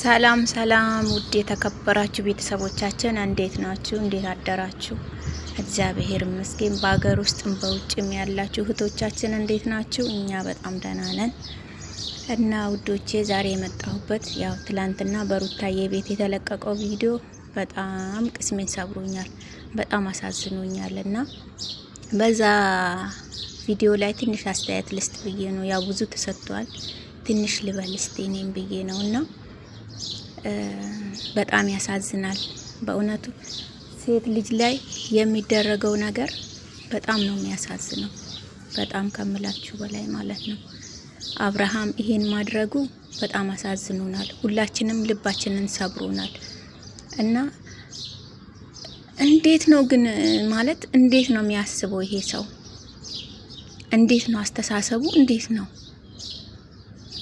ሰላም ሰላም ውድ የተከበራችሁ ቤተሰቦቻችን እንዴት ናችሁ? እንዴት አደራችሁ? እግዚአብሔር ይመስገን። በሀገር ውስጥም በውጭም ያላችሁ እህቶቻችን እንዴት ናችሁ? እኛ በጣም ደህና ነን እና ውዶቼ ዛሬ የመጣሁበት ያው ትላንትና በሩታዬ ቤት የተለቀቀው ቪዲዮ በጣም ቅስሜን ሰብሮኛል፣ በጣም አሳዝኖኛል እና በዛ ቪዲዮ ላይ ትንሽ አስተያየት ልስጥ ብዬ ነው። ያው ብዙ ተሰጥቷል፣ ትንሽ ልበል እኔም ብዬ ነው እና በጣም ያሳዝናል። በእውነቱ ሴት ልጅ ላይ የሚደረገው ነገር በጣም ነው የሚያሳዝነው። በጣም ከምላችሁ በላይ ማለት ነው። አብርሃም ይሄን ማድረጉ በጣም አሳዝኖናል። ሁላችንም ልባችንን ሰብሮናል እና እንዴት ነው ግን ማለት እንዴት ነው የሚያስበው ይሄ ሰው? እንዴት ነው አስተሳሰቡ? እንዴት ነው?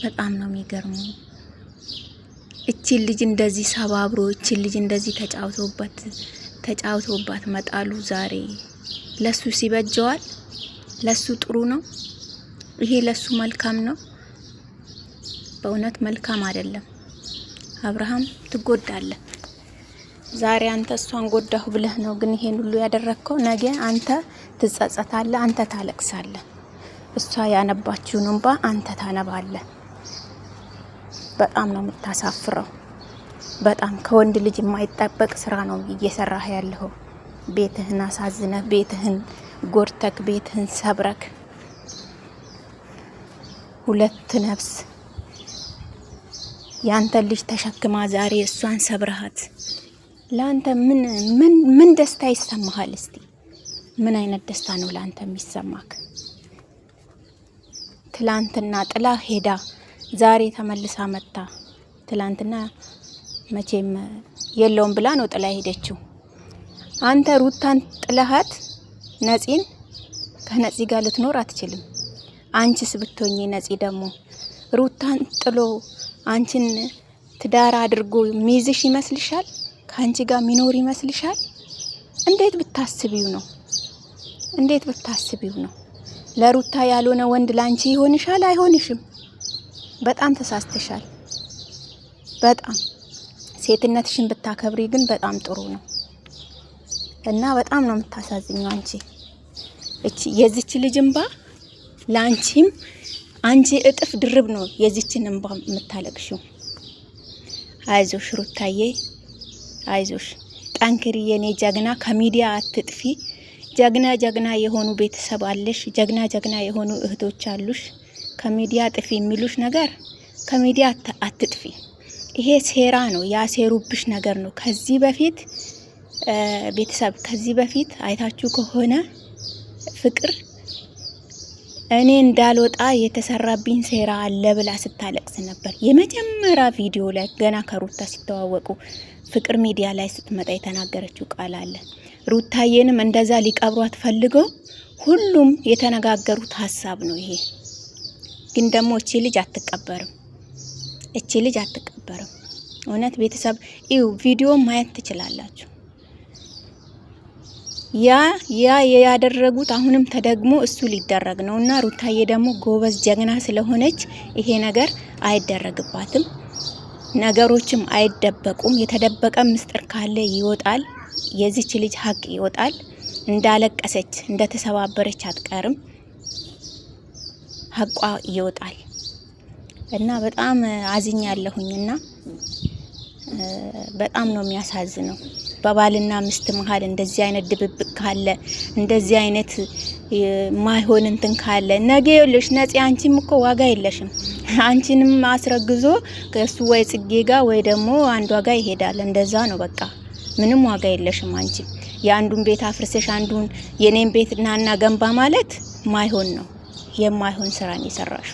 በጣም ነው የሚገርመው። እቺን ልጅ እንደዚህ ሰባብሮ እቺን ልጅ እንደዚህ ተጫውቶባት ተጫውተውባት መጣሉ ዛሬ ለሱ ሲበጀዋል። ለሱ ጥሩ ነው ይሄ፣ ለሱ መልካም ነው። በእውነት መልካም አይደለም። አብርሃም ትጎዳለህ። ዛሬ አንተ እሷን ጎዳሁ ብለህ ነው ግን ይሄን ሁሉ ያደረግከው። ነገ አንተ ትጸጸታለህ፣ አንተ ታለቅሳለህ። እሷ ያነባችውን እንባ አንተ ታነባለህ። በጣም ነው የምታሳፍረው። በጣም ከወንድ ልጅ የማይጠበቅ ስራ ነው እየሰራህ ያለኸው። ቤትህን አሳዝነህ፣ ቤትህን ጎድተክ፣ ቤትህን ሰብረክ ሁለት ነፍስ ያንተ ልጅ ተሸክማ ዛሬ እሷን ሰብረሃት ለአንተ ምን ምን ምን ደስታ ይሰማሃል? እስቲ ምን አይነት ደስታ ነው ለአንተ የሚሰማክ? ትላንትና ጥላ ሄዳ ዛሬ ተመልሳ መጣ። ትላንትና መቼም የለውም ብላ ነው ጥላ ሄደችው። አንተ ሩታን ጥለሃት ነፂን ከነፂ ጋር ልትኖር አትችልም። አንቺስ ብትሆኚ ነፂ ደግሞ ሩታን ጥሎ አንቺን ትዳር አድርጎ ሚይዝሽ ይመስልሻል? ከአንቺ ጋር ሚኖር ይመስልሻል? እንዴት ብታስቢው ነው? እንዴት ብታስቢው ነው? ለሩታ ያልሆነ ወንድ ላንቺ ይሆንሻል? አይሆንሽም። በጣም ተሳስተሻል። በጣም ሴትነትሽን ብታከብሪ ግን በጣም ጥሩ ነው እና በጣም ነው የምታሳዝኘው አንቺ። እቺ የዚች ልጅ እንባ ለአንቺም አንቺ እጥፍ ድርብ ነው የዚችን እንባ የምታለቅሽው። አይዞሽ ሩታዬ፣ አይዞሽ ጠንክሪ፣ የኔ ጀግና። ከሚዲያ አትጥፊ። ጀግና ጀግና የሆኑ ቤተሰብ አለሽ። ጀግና ጀግና የሆኑ እህቶች አሉሽ። ከሚዲያ ጥፊ የሚሉሽ ነገር ከሚዲያ አትጥፊ። ይሄ ሴራ ነው፣ ያሴሩብሽ ነገር ነው። ከዚህ በፊት ቤተሰብ ከዚህ በፊት አይታችሁ ከሆነ ፍቅር እኔ እንዳልወጣ የተሰራብኝ ሴራ አለ ብላ ስታለቅስ ነበር። የመጀመሪያ ቪዲዮ ላይ ገና ከሩታ ሲተዋወቁ ፍቅር ሚዲያ ላይ ስትመጣ የተናገረችው ቃል አለ። ሩታዬንም እንደዛ ሊቀብሯት ፈልገው ሁሉም የተነጋገሩት ሀሳብ ነው ይሄ። ግን ደግሞ እቺ ልጅ አትቀበርም፣ እቺ ልጅ አትቀበርም። እውነት ቤተሰብ ይው ቪዲዮ ማየት ትችላላችሁ። ያ ያ ያደረጉት አሁንም ተደግሞ እሱ ሊደረግ ነው እና ሩታዬ ደግሞ ጎበዝ ጀግና ስለሆነች ይሄ ነገር አይደረግባትም። ነገሮችም አይደበቁም። የተደበቀ ምስጢር ካለ ይወጣል። የዚች ልጅ ሀቅ ይወጣል። እንዳለቀሰች እንደተሰባበረች አትቀርም። ሀቋ ይወጣል እና በጣም አዝኛ ያለሁኝና በጣም ነው የሚያሳዝነው። በባልና ሚስት መሀል እንደዚህ አይነት ድብብቅ ካለ እንደዚህ አይነት ማይሆን እንትን ካለ ነገ የለሽ ነጽ አንቺም እኮ ዋጋ የለሽም። አንቺንም አስረግዞ ከሱ ወይ ጽጌ ጋ ወይ ደግሞ አንዷ ጋ ይሄዳል። እንደዛ ነው በቃ ምንም ዋጋ የለሽም አንቺ። የአንዱን ቤት አፍርሰሽ አንዱን የኔን ቤት ናና ገንባ ማለት ማይሆን ነው። የማይሆን ስራን የሰራሹ።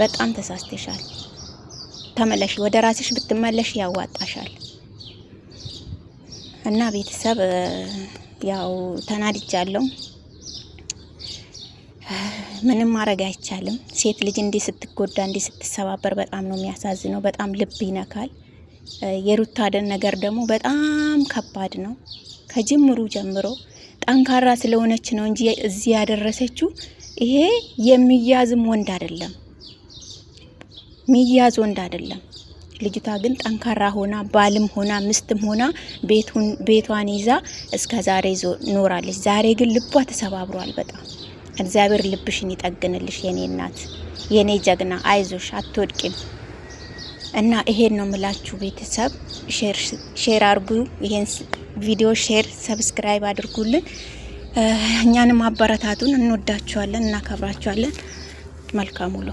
በጣም ተሳስተሻል። ተመለሽ፣ ወደ ራስሽ ብትመለሽ ያዋጣሻል። እና ቤተሰብ ያው ተናድጃለሁ። ምንም ማድረግ አይቻልም። ሴት ልጅ እንዲህ ስትጎዳ እንዲህ ስትሰባበር በጣም ነው የሚያሳዝነው። በጣም ልብ ይነካል። የሩታደን ነገር ደግሞ በጣም ከባድ ነው። ከጅምሩ ጀምሮ ጠንካራ ስለሆነች ነው እንጂ እዚህ ያደረሰችው ይሄ የሚያዝም ወንድ አይደለም፣ ሚያዝ ወንድ አይደለም። ልጅቷ ግን ጠንካራ ሆና ባልም ሆና ምስትም ሆና ቤቱን ቤቷን ይዛ እስከ ዛሬ ኖራለች። ዛሬ ግን ልቧ ተሰባብሯል በጣም። እግዚአብሔር ልብሽን ይጠግንልሽ የኔ እናት፣ የኔ ጀግና፣ አይዞሽ አትወድቂም። እና ይሄን ነው ምላችሁ ቤተሰብ። ሼር አርጉ፣ ይሄን ቪዲዮ ሼር፣ ሰብስክራይብ አድርጉልን። እኛንም አበረታቱን። እንወዳችኋለን፣ እናከብራችኋለን። መልካም ውሎ